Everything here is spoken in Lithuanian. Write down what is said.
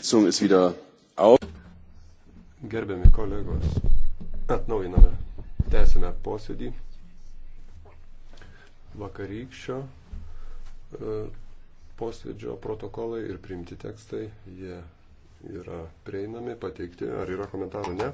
Sitzung ist wieder auf. Gerbiami kolegos, atnaujiname, tęsime posėdį vakarykščio e, posėdžio protokolai ir priimti tekstai, jie yra prieinami, pateikti, ar yra komentarų, ne?